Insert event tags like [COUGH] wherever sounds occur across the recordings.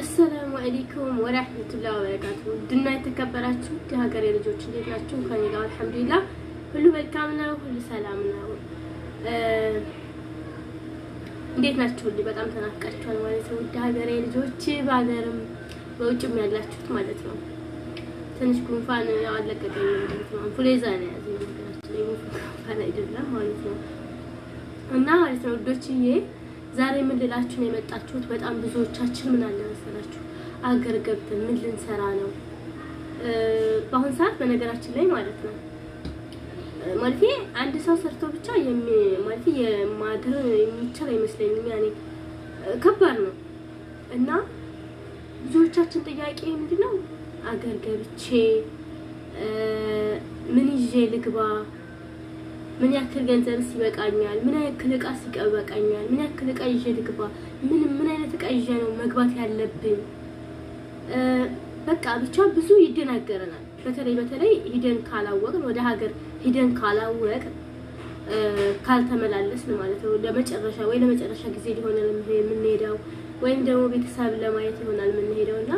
አሰላሙ አለይኩም ወራህመቱላሂ ወበረካቱ። ድና የተከበራችሁ የሀገሬ ልጆች እንዴት ናችሁ? ከኔ ጋር አልሐምዱሊላህ ሁሉ መልካም ነው፣ ሁሉ ሰላም ነው። እንዴት ናችሁ? በጣም ተናፍቃችኋል ማለት ነው። የሀገሬ ልጆች በሀገርም በውጭም ያላችሁት ማለት ነው። ትንሽ ጉንፋን አለቀቀኝ ማለት ነው። አንፍሉዌንዛ ነው ያዘኝ ማለት ነው። ጉንፋን አይደለም ማለት ነው እና ማለት ነው ልጆችዬ ዛሬ ምን ነው የመጣችሁት? በጣም ብዙዎቻችን ምን አለ መሰላችሁ አገር ገብተን ምን ልንሰራ ነው? በአሁን ሰዓት በነገራችን ላይ ማለት ነው ማለት አንድ ሰው ሰርቶ ብቻ ማለት የማድር የሚቻል አይመስለኝም። ያኔ ከባድ ነው እና ብዙዎቻችን ጥያቄ ምንድን ነው አገር ገብቼ ምን ይዤ ልግባ ምን ያክል ገንዘብስ ይበቃኛል? ምን ያክል እቃስ ይበቃኛል? ምን ያክል እቃ ይዤ ልግባ? ምን ምን አይነት እቃ ይዤ ነው መግባት ያለብኝ? በቃ ብቻ ብዙ ይደናገረናል። በተለይ በተለይ ሂደን ካላወቅን ወደ ሀገር ሂደን ካላወቅን ካልተመላለስን ማለት ነው ለመጨረሻ ወይ ለመጨረሻ ጊዜ ሊሆን የምንሄደው ወይም ደግሞ ቤተሰብ ለማየት ይሆናል የምንሄደው እና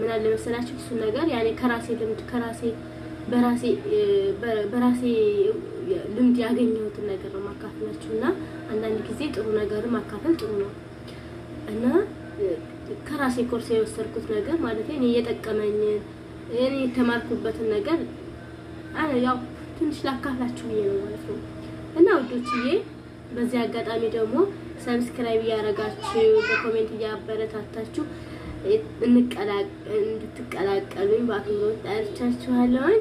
ምን አለ መሰላችሁ እሱን ነገር ያኔ ከራሴ ልምድ ከራሴ በራሴ ልምድ ያገኘሁትን ነገር ነው ማካፈላችሁ እና አንዳንድ ጊዜ ጥሩ ነገር ማካፈል ጥሩ ነው እና ከራሴ ኮርስ የወሰድኩት ነገር ማለት እኔ እየጠቀመኝ እኔ የተማርኩበትን ነገር ያው ትንሽ ላካፍላችሁ ብዬ ነው ማለት ነው እና ውዶችዬ በዚህ አጋጣሚ ደግሞ ሰብስክራይብ እያደረጋችሁ በኮሜንት እያበረታታችሁ እንድትቀላቀሉኝ በአክብሮት ጠርቻችኋለሁኝ።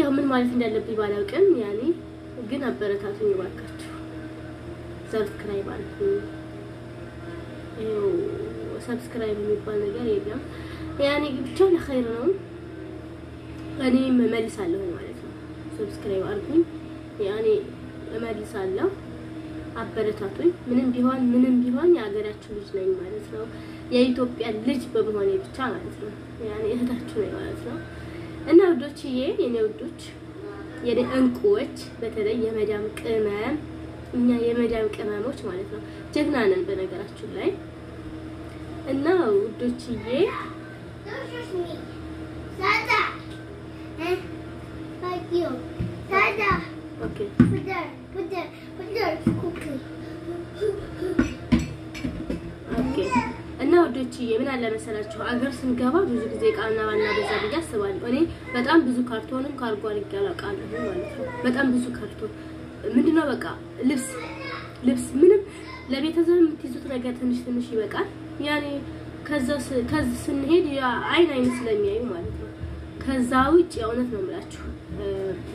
ያው ምን ማለት እንዳለብኝ ባላውቅም ያኔ ግን አበረታቱኝ እባካችሁ። ሰብስክራይብ አልኩ። ሰብስክራይብ የሚባል ነገር የለም። ያኔ ብቻ ለኸይር ነው። እኔ እመልሳለሁ ማለት ነው። ሰብስክራይብ አልኩኝ ያኔ እመልሳለሁ። አበረታቱኝ። ምንም ቢሆን ምንም ቢሆን የሀገራችሁ ልጅ ነኝ ማለት ነው። የኢትዮጵያ ልጅ በመሆኔ ብቻ ማለት ነው። ያኔ እህታችሁ ነኝ ማለት ነው። እና ውዶችዬ፣ የኔ ውዶች፣ የኔ እንቁዎች፣ በተለይ የመዳም ቅመም እኛ የመዳም ቅመሞች ማለት ነው ጀግና ነን በነገራችሁ ላይ እና ውዶችዬ ኦኬ ውዶችዬ ምን አለ መሰላችሁ አገር ስንገባ ብዙ ጊዜ ቃልና ባና በዛ ብዬ አስባለሁ። እኔ በጣም ብዙ ካርቶንም ካርጎ አድርጌ አላውቃለሁ ማለት ነው። በጣም ብዙ ካርቶን ምንድነው በቃ ልብስ ልብስ ምንም ለቤተሰብ የምትይዙት ነገር ትንሽ ትንሽ ይበቃል። ያኔ ከዛ ስንሄድ አይን አይን ስለሚያዩ ማለት ነው። ከዛ ውጭ የእውነት ነው የምላችሁ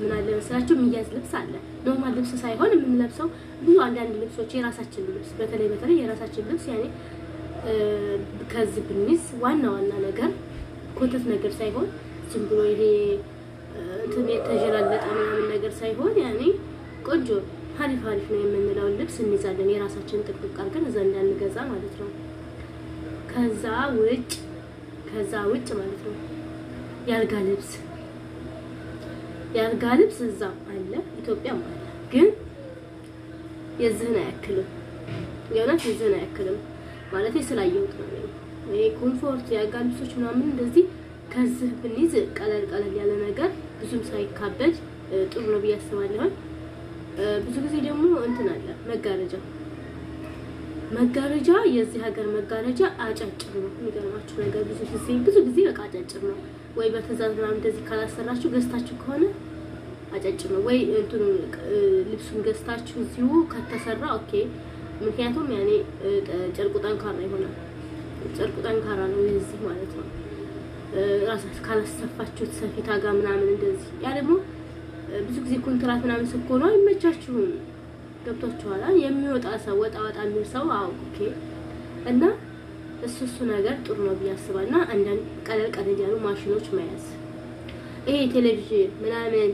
ምን አለ መሰላችሁ የሚያዝ ልብስ አለ። ኖርማል ልብስ ሳይሆን የምንለብሰው ብዙ አንዳንድ ልብሶች የራሳችን ልብስ በተለይ በተለይ የራሳችን ልብስ ያኔ ከዚህ ብንይዝ ዋና ዋና ነገር ኮተት ነገር ሳይሆን ዝም ብሎ ይሄ እንትን የተጀላለጠ ምናምን ነገር ሳይሆን ያኔ ቆንጆ ሀሪፍ ሀሪፍ ነው የምንለውን ልብስ እንይዛለን። የራሳችንን ጥቅጥቅ አድርገን እዛ እንዳንገዛ ማለት ነው። ከዛ ውጭ ከዛ ውጭ ማለት ነው ያልጋ ልብስ ያልጋ ልብስ እዛ አለ ኢትዮጵያም አለ፣ ግን የዝህን አያክልም። የእውነት የዝህን አያክልም። ማለት ስላየሁት ነው። ይሄ ኮምፎርት የአልጋ ልብሶች ምናምን እንደዚህ ከዚህ ብንይዝ ቀለል ቀለል ያለ ነገር ብዙም ሳይካበድ ጥሩ ነው ብዬ አስባለሁ። ብዙ ጊዜ ደግሞ እንትን አለ መጋረጃ መጋረጃ የዚህ ሀገር መጋረጃ አጫጭር ነው። የሚገርማችሁ ነገር ብዙ ጊዜ ብዙ ጊዜ በቃ አጫጭር ነው ወይ በትዕዛዝ ምናምን እንደዚህ ካላሰራችሁ ገዝታችሁ ከሆነ አጫጭር ነው ወይ እንትኑ ልብሱን ገዝታችሁ እዚሁ ከተሰራ ኦኬ ምክንያቱም ያኔ ጨርቁ ጠንካራ ይሆናል። ጨርቁ ጠንካራ ነው የዚህ ማለት ነው። ራሳችሁ ካላሰፋችሁት ሰፊታ ጋር ምናምን እንደዚህ ያ ደግሞ ብዙ ጊዜ ኮንትራት ምናምን ስትሆኑ አይመቻችሁም። ገብቷችኋል። የሚወጣ ሰው ወጣ ወጣ የሚል ሰው ኦኬ። እና እሱ እሱ ነገር ጥሩ ነው ብዬ አስባለሁ። እና አንዳንድ ቀለል ቀለል ያሉ ማሽኖች መያዝ ይሄ ቴሌቪዥን ምናምን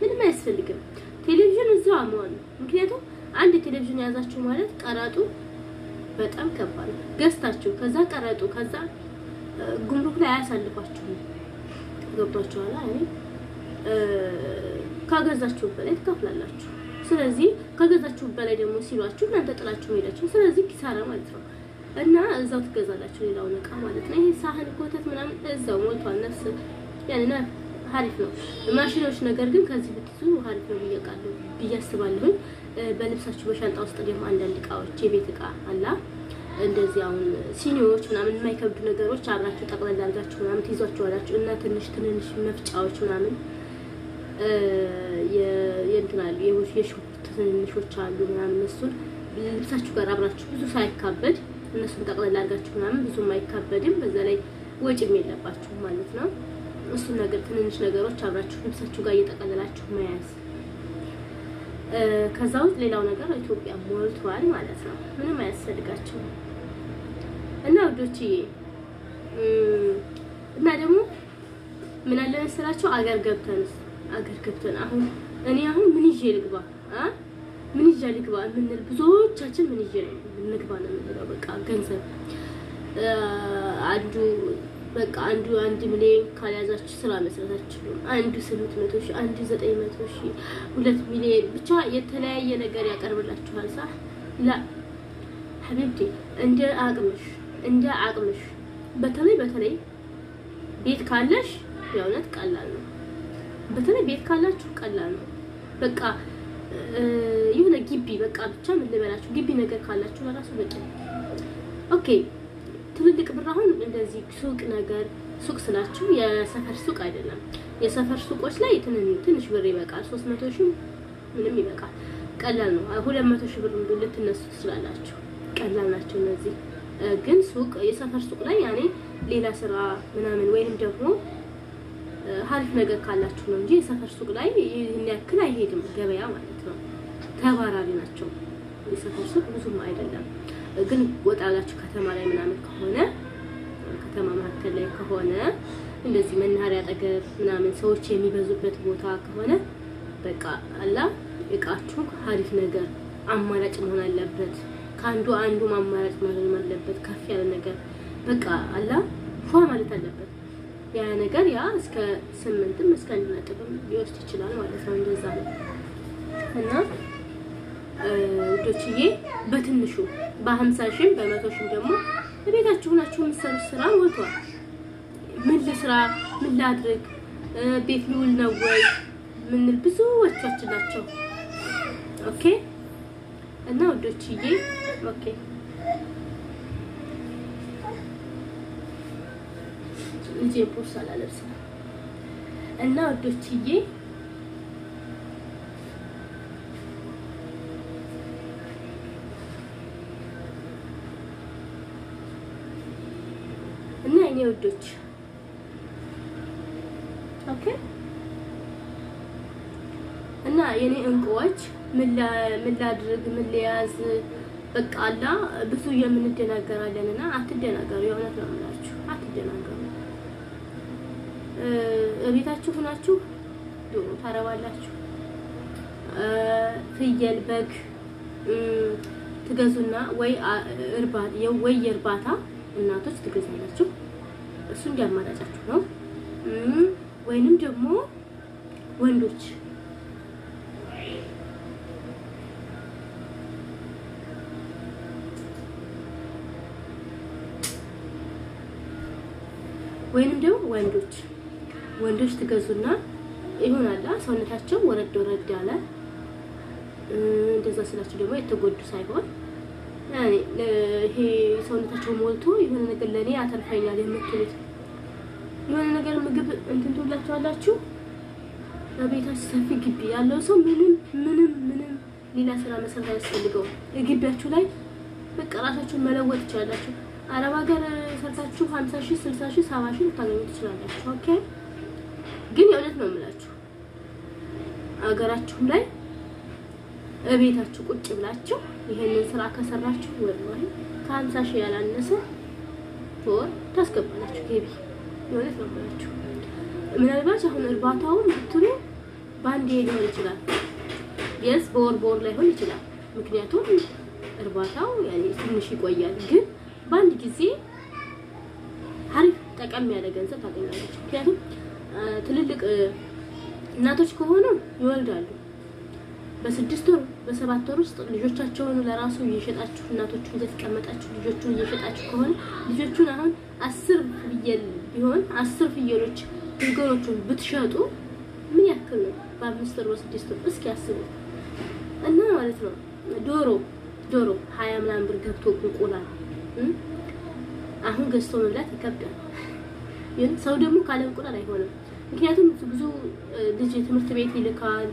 ምንም አያስፈልግም። ቴሌቪዥን እዛው አመዋል ምክንያቱም አንድ ቴሌቪዥን የያዛችሁ ማለት ቀረጡ በጣም ከባድ ነው። ገዝታችሁ ከዛ ቀረጡ ከዛ ጉምሩክ ላይ አያሳልፋችሁም። ገብቷችኋል? አይ ካገዛችሁ በላይ ትከፍላላችሁ። ስለዚህ ከገዛችሁ በላይ ደግሞ ሲሏችሁ እናንተ ጥላችሁ ሄዳችሁ፣ ስለዚህ ኪሳራ ማለት ነው። እና እዛው ትገዛላችሁ ሌላውን እቃ ማለት ነው። ይሄ ሳህን ኮተት ምናምን እዛው ሞልቷል። ነፍስ ያንና ሀሪፍ ነው። ማሽኖች ነገር ግን ከዚህ ብትዙ ሀሪፍ ነው ብዬ ቃለሁ ብዬ በልብሳችሁ በሻንጣ ውስጥ ደግሞ አንዳንድ እቃዎች የቤት እቃ አላ እንደዚህ አሁን ሲኒዎች ምናምን የማይከብዱ ነገሮች አብራችሁ ጠቅለል አድርጋችሁ ምናምን አላችሁ እና ትንሽ ትንንሽ መፍጫዎች ምናምን የእንትናሉ የሽንኩርት ትንንሾች አሉ ምናምን እሱን ልብሳችሁ ጋር አብራችሁ ብዙ ሳይካበድ እነሱን ጠቅለል አድርጋችሁ ምናምን ብዙም አይካበድም። በዛ ላይ ወጪም የለባችሁ ማለት ነው። እሱን ነገር ትንንሽ ነገሮች አብራችሁ ልብሳችሁ ጋር እየጠቀለላችሁ መያዝ ከዛ ውስጥ ሌላው ነገር ኢትዮጵያ ሞልቷል ማለት ነው። ምንም አያስፈልጋቸውም። እና ውዶችዬ እና ደግሞ ምን አለ መሰላቸው አገር ገብተን አገር ገብተን አሁን እኔ አሁን ምን ይዤ ልግባ ምን ይዤ ልግባ የምንል ብዙዎቻችን ምን ይዤ ልግባ ነው የምንለው። በቃ ገንዘብ አንዱ በቃ አንዱ አንድ ሚሊዮን ካልያዛችሁ ስራ መስራት አትችሉም። አንዱ ስምንት መቶ ሺ አንዱ ዘጠኝ መቶ ሺ ሁለት ሚሊዮን ብቻ የተለያየ ነገር ያቀርብላችኋል። ሳ ላ ሀቢብቲ እንደ አቅምሽ እንደ አቅምሽ በተለይ በተለይ ቤት ካለሽ የእውነት ቀላል ነው። በተለይ ቤት ካላችሁ ቀላል ነው። በቃ የሆነ ግቢ በቃ ብቻ ምን ልበላችሁ ግቢ ነገር ካላችሁ ለራሱ በቂ ኦኬ ትልልቅ ብር አሁን እንደዚህ ሱቅ ነገር ሱቅ ስላችሁ የሰፈር ሱቅ አይደለም። የሰፈር ሱቆች ላይ ትንሽ ብር ይበቃል። ሶስት መቶ ሺህ ምንም ይበቃል። ቀላል ነው። ሁለት መቶ ሺህ ብር ልትነሱ ትችላላችሁ። ቀላል ናቸው እነዚህ። ግን ሱቅ የሰፈር ሱቅ ላይ ያኔ ሌላ ስራ ምናምን ወይም ደግሞ ሀሪፍ ነገር ካላችሁ ነው እንጂ የሰፈር ሱቅ ላይ ይህን ያክል አይሄድም ገበያ ማለት ነው። ተባራሪ ናቸው። የሰፈር ሱቅ ብዙም አይደለም። ግን ወጣ ከተማ ላይ ምናምን ከሆነ ከተማ መካከል ላይ ከሆነ እንደዚህ መናኸሪያ አጠገብ ምናምን ሰዎች የሚበዙበት ቦታ ከሆነ በቃ አላ እቃችሁ ሀሪፍ ነገር አማራጭ መሆን አለበት። ከአንዱ አንዱ አማራጭ መሆን አለበት። ከፍ ያለ ነገር በቃ አላ ፏ ማለት አለበት። ያ ነገር ያ እስከ ስምንትም እስከ አንድ ነጥብም ሊወስድ ይችላል ማለት ነው። እንደዛ ነው እና ውዶችዬ በትንሹ በሀምሳ ሺህም በመቶ ሺህም ደግሞ ቤታችሁ ናችሁ የምትሰሩት ስራ ወጥቷል። ምን ልስራ፣ ምን ላድርግ፣ ቤት ልውል ነው ወይ ምንል ብዙዎቻችን ናቸው። ኦኬ እና ውዶችዬ ኦኬ ልጄ ቦርሳ ላለብስ እና ውዶችዬ የኔ ውዶች ኦኬ። እና የኔ እንቁዎች ምን ላድርግ ምን ልያዝ በቃ አላ ብዙ የምንደናገራለን እና አትደናገሩ። የእውነት ነው የምላችሁ አትደናገሩ። እቤታችሁ ሁናችሁ ዶሮ ታረባላችሁ። ፍየል፣ በግ ትገዙና ወይ እርባታ ወይ የእርባታ እናቶች ትገዛላችሁ እሱ እንዲያማራጫችሁ ነው። ወይንም ደግሞ ወንዶች ወይንም ደግሞ ወንዶች ወንዶች ትገዙና ይሆናላ ሰውነታቸው ወረድ ወረድ ያለ እንደዛ ስላችሁ ደግሞ የተጎዱ ሳይሆን ይሄ ሰውነታቸው ሞልቶ የሆነ ነገር ለእኔ አተርፋኛል የምትሉት የሆነ ነገር ምግብ እንትን ትውላችኋላችሁ። በቤታችሁ ሰፊ ግቢ ያለው ሰው ምንም ምንም ምንም ሌላ ስራ መሰረት አያስፈልገው የግቢያችሁ ላይ በቃ ራሳችሁን መለወጥ ትችላላችሁ። አረብ ሀገር ሰርታችሁ ሀምሳ ሺህ ስልሳ ሺህ ሰባ ሺህ ልታገኙ ትችላላችሁ። ኦኬ ግን የእውነት ነው የምላችሁ አገራችሁም ላይ እቤታችሁ ቁጭ ብላችሁ ይሄንን ስራ ከሰራችሁ ወላሂ ከሀምሳ ሺህ ያላነሰ ወር ታስገባላችሁ። ገቢ ነው ብላችሁ ምናልባት አሁን እርባታውን ብትሉ በአንዴ ሊሆን ይችላል። ቢያንስ በወር በወር ላይሆን ይችላል። ምክንያቱም እርባታው ያኔ ትንሽ ይቆያል። ግን በአንድ ጊዜ አሪፍ ጠቀም ያለ ገንዘብ ታገኛለች። ምክንያቱም ትልልቅ እናቶች ከሆኑ ይወልዳሉ በስድስት ወር በሰባት ወር ውስጥ ልጆቻቸውን ለራሱ እየሸጣችሁ እናቶቹን እያስቀመጣችሁ ልጆቹን እየሸጣችሁ ከሆነ ልጆቹን አሁን አስር ፍየል ቢሆን አስር ፍየሎች ድንገሮቹን ብትሸጡ ምን ያክል ነው? በአምስት ወር በስድስት ወር እስኪ አስቡ እና ማለት ነው ዶሮ ዶሮ ሀያ ምናምን ብር ገብቶ እንቁላል አሁን ገዝቶ መብላት ይከብዳል። ሰው ደግሞ ካለ እንቁላል አይሆንም። ምክንያቱም ብዙ ልጅ ትምህርት ቤት ይልካል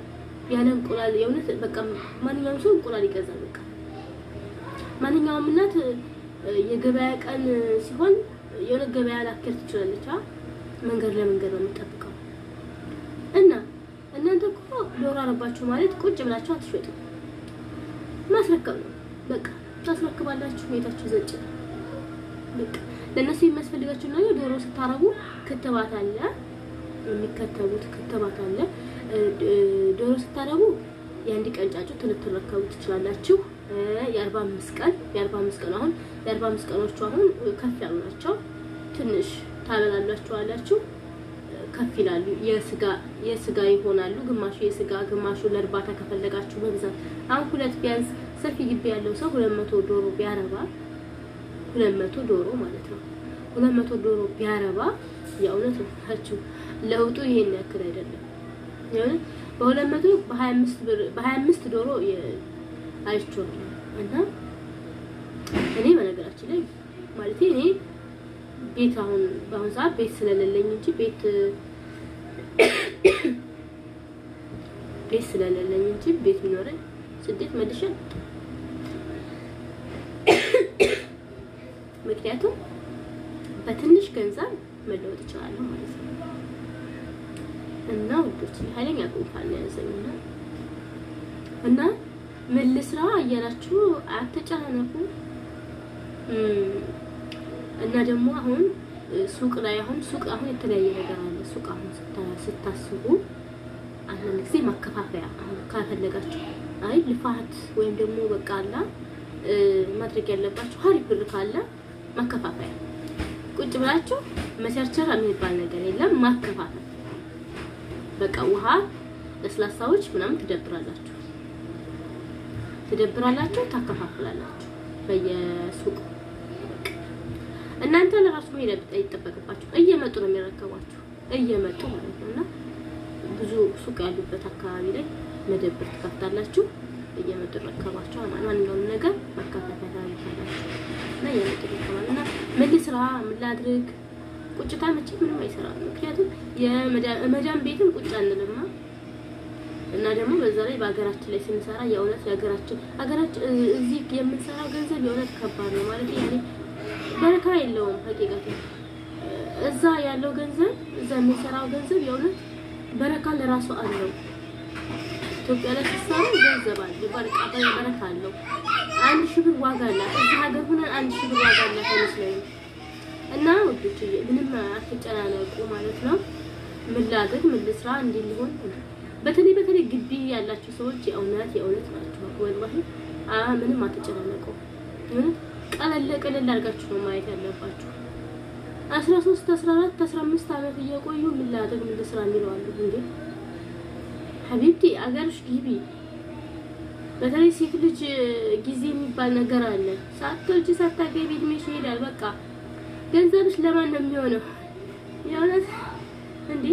ያለ እንቁላል የእውነት በቃ ማንኛውም ሰው እንቁላል ይገዛል። በቃ ማንኛውም እናት የገበያ ቀን ሲሆን የሆነ ገበያ ላከር ትችላለች። መንገድ ለመንገድ ነው የምጠብቀው እና እናንተ እኮ ዶሮ አረባችሁ ማለት ቁጭ ብላችሁ አትሸጡ፣ ማስረከብ ነው በቃ ታስረክባላችሁ። ቤታችሁ ዘጭ በቃ ለእነሱ የሚያስፈልጋቸው ነገር ዶሮ ስታረቡ ክትባት አለ፣ የሚከተቡት ክትባት አለ ዶሮ ስታደርጉ የአንድ ቀን ጫጩት ልትረከቡ ትችላላችሁ። የአርባ አምስት ቀን የአርባ አምስት ቀን አሁን የአርባ አምስት ቀኖቹ አሁን ከፍ ያሉ ናቸው። ትንሽ ታበላላችኋላችሁ ከፍ ይላሉ። የስጋ የስጋ ይሆናሉ። ግማሹ የስጋ ግማሹ ለእርባታ ከፈለጋችሁ በብዛት አሁን ሁለት ቢያንስ ሰፊ ግቢ ያለው ሰው ሁለት መቶ ዶሮ ቢያረባ ሁለት መቶ ዶሮ ማለት ነው። ሁለት መቶ ዶሮ ቢያረባ የእውነት ነው ለውጡ ይሄን ያክል አይደለም። በሁለት መቶ ዶሮ አይቼው እና እኔ በነገራችን ላይ ማለት እኔ ቤት አሁን በአሁን ሰዓት ቤት ስለሌለኝ እንጂ ቤት [COUGHS] ቤት ስለሌለኝ እንጂ ቤት ቢኖረኝ ስደት [COUGHS] ምክንያቱም በትንሽ ገንዘብ መለወጥ ይችላል ማለት ነው። እና ውዶች ኃይለኛ ጉንፋን ያዘኝ እና እና ምን ልስራ እያላችሁ አትጨናነቁ። እና ደግሞ አሁን ሱቅ ላይ አሁን ሱቅ አሁን የተለያየ ነገር አለ። ሱቅ አሁን ስታስቡ አንዳንድ ጊዜ ማከፋፈያ አሁን ካፈለጋችሁ አይ ልፋት ወይም ደግሞ በቃ አላ ማድረግ ያለባችሁ ሀሪፍ ብር ካለ ማከፋፈያ ቁጭ ብላችሁ መቸርቸር የሚባል ነገር የለም ማከፋፈል በቃ ውሃ፣ ለስላሳዎች ምናምን ትደብራላችሁ ትደብራላችሁ ታከፋፍላላችሁ በየሱቁ እናንተ ለራሱ መሄድ አይጠበቅባችሁ። እየመጡ ነው የሚረከቧችሁ እየመጡ ማለት ነው። እና ብዙ ሱቅ ያሉበት አካባቢ ላይ መደብር ትከፍታላችሁ። እየመጡ ይረከቧችሁ። ማንኛውም ነገር መካፈል ታላችሁ እና እየመጡ ይረከባል እና ምን ልስራ ምን ላድርግ ቁጭታ መቼ ምንም አይሰራም። ምክንያቱም የመዳን ቤትም ቁጭ አንልማ እና ደግሞ በዛ ላይ በሀገራችን ላይ ስንሰራ የእውነት የሀገራችን ሀገራችን እዚህ የምንሰራው ገንዘብ የእውነት ከባድ ነው ማለት ያኔ በረካ የለውም። ሀቂቀቱ እዛ ያለው ገንዘብ እዛ የምንሰራው ገንዘብ የእውነት በረካ ለራሱ አለው። ኢትዮጵያ ላይ ሲሰራ ገንዘብ አለ፣ በረካ በረካ አለው። አንድ ሺህ ብር ዋጋ አላት። እዚህ ሀገር ሁነን አንድ ሺህ ብር ዋጋ አላት አይመስለኝም። እና ውዶች ምንም አትጨናነቁ ማለት ነው። ምን ምልስራ ምን ልስራ፣ ሊሆን በተለይ በተለይ ግቢ ያላችሁ ሰዎች የእውነት የእውነት ናቸው። ወላሂ ምንም አትጨናነቁ። ቀለል ቀለል አድርጋችሁ ነው ማየት ያለባችሁ። 13 14 15 አመት እየቆዩ ምን ምልስራ ምን ልስራ እንዴ ሀቢብቲ አገርሽ ግቢ። በተለይ ሴት ልጅ ጊዜ የሚባል ነገር አለ። ሳትወልጂ ሳታገቢ እድሜሽ ይሄዳል በቃ። ገንዘብሽ ለማን ነው የሚሆነው? የእውነት እንዴ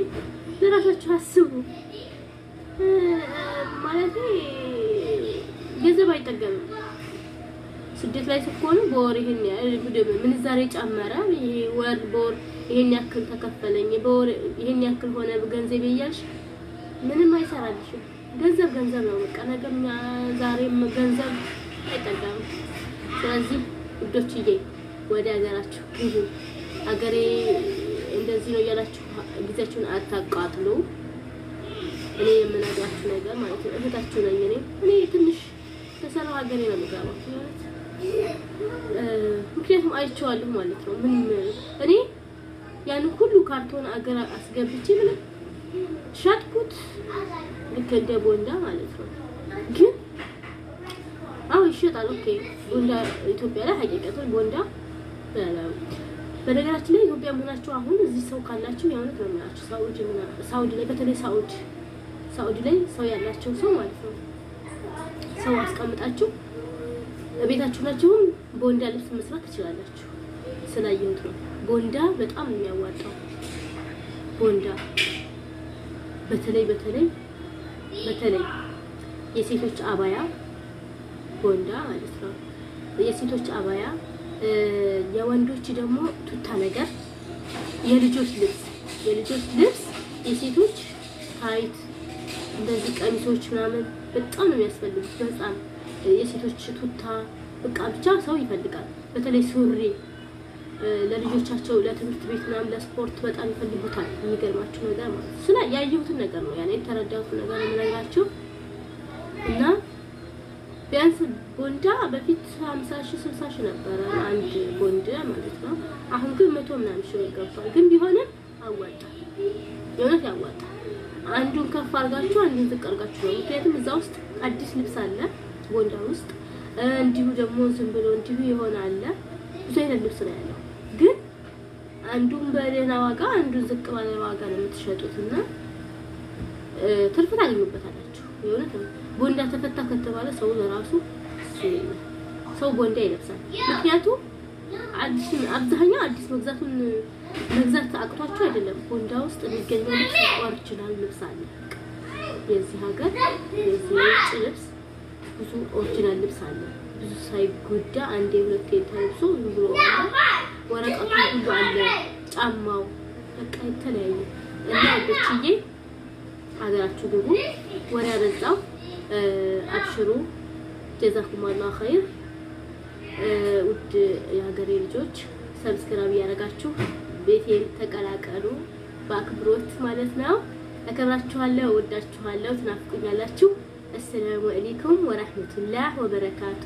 ለራሳችሁ አስቡ። ማለት ገንዘብ አይጠገምም። ስደት ላይ ስትሆኑ በወር ይሄን ምንዛሬ ጨመረ፣ ይሄ ወር በወር ይሄን ያክል ተከፈለኝ፣ በወር ይሄን ያክል ሆነ ገንዘብ እያልሽ ምንም አይሰራልሽም። ገንዘብ ገንዘብ ነው። በቃ ነገም ዛሬም ገንዘብ አይጠገምም። ስለዚህ ውዶችዬ ወደ ሀገራችሁ ግቡ። ሀገሬ እንደዚህ ነው እያላችሁ ጊዜያችሁን አታቃጥሉ። እኔ የምነግራችሁ ነገር ማለት ነው፣ እህታችሁ ነኝ እኔ እኔ ትንሽ ተሰራው ሀገሬ ነው የምገባው። ምክንያቱም አይቼዋለሁ ማለት ነው። ምን እኔ ያን ሁሉ ካርቶን አገር አስገብቼ ምን ሸጥኩት፣ ልክ እንደ ቦንዳ ማለት ነው። ግን አሁ ይሸጣል። ኦኬ ቦንዳ ኢትዮጵያ ላይ ሀቂቀቶች ቦንዳ በነገራችን ላይ ኢትዮጵያ መሆናችሁ አሁን እዚህ ሰው ካላችሁ የእውነት ነው የምላችሁ። ሳውዲ ሳውዲ ላይ በተለይ ሳውዲ ሳውዲ ላይ ሰው ያላቸው ሰው ማለት ነው ሰው አስቀምጣችሁ ቤታችሁናችሁም ቦንዳ ልብስ መስራት ትችላላችሁ። ስላየሁት ነው። ቦንዳ በጣም የሚያዋጣው። ቦንዳ በተለይ በተለይ በተለይ የሴቶች አባያ ቦንዳ ማለት ነው የሴቶች አባያ የወንዶች ደግሞ ቱታ ነገር፣ የልጆች ልብስ የልጆች ልብስ የሴቶች ታይት እንደዚህ ቀሚሶች ምናምን በጣም ነው የሚያስፈልጉት። በጣም የሴቶች ቱታ በቃ ብቻ ሰው ይፈልጋል። በተለይ ሱሪ ለልጆቻቸው ለትምህርት ቤት ምናምን ለስፖርት በጣም ይፈልጉታል። የሚገርማችሁ ነገር ማለት ስለ ያየሁትን ነገር ነው ያኔ የተረዳሁትን ነገር ነው የምነግራችሁ እና ቢያንስ ቦንዳ በፊት 50 ሺህ 60 ሺህ ነበረ አንድ ቦንዳ ማለት ነው። አሁን ግን መቶ ምናምን ሺህ ገብቷል። ግን ቢሆንም አዋጣ፣ የእውነት ያዋጣ። አንዱን ከፍ አርጋችሁ አንዱን ዝቅ አርጋችሁ ነው። ምክንያቱም እዛ ውስጥ አዲስ ልብስ አለ ቦንዳ ውስጥ፣ እንዲሁ ደግሞ ዝም ብሎ እንዲሁ የሆነ አለ። ብዙ አይነት ልብስ ነው ያለው። ግን አንዱን በደህና ዋጋ አንዱን ዝቅ ባለ ዋጋ ነው የምትሸጡትና ትርፍ ታገኙበታላችሁ የእውነት ነው። ጎንዳ ተፈታ ከተባለ ሰው ለራሱ ሰው ጎንዳ ይለብሳል። ምክንያቱም አዲስ አብዛኛው አዲስ መግዛቱን መግዛት አቅቷቸው አይደለም። ጎንዳ ውስጥ የሚገኘው ልብስ ቋር ይችላል ልብስ አለ። የዚህ ሀገር የዚህ ውጭ ልብስ ብዙ ኦሪጂናል ልብስ አለ። ብዙ ሳይጎዳ አንዴ ሁለቴ ተለብሶ ዝም ብሎ ወረቀቱ ሁሉ አለ። ጫማው በቃ የተለያዩ እና ወደችዬ ሀገራችሁ ግቡ። ወሬ አበዛው። አብሽሩ። ጀዛኩም አላህ ኸይር። ውድ የሀገሬ ልጆች ሰብስክራይብ እያደረጋችሁ ቤቴን ተቀላቀሉ፣ በአክብሮት ማለት ነው። አከብራችኋለሁ፣ ወዳችኋለሁ፣ ትናፍቁኛላችሁ። አሰላሙ አለይኩም ወራህመቱላህ ወበረካቱ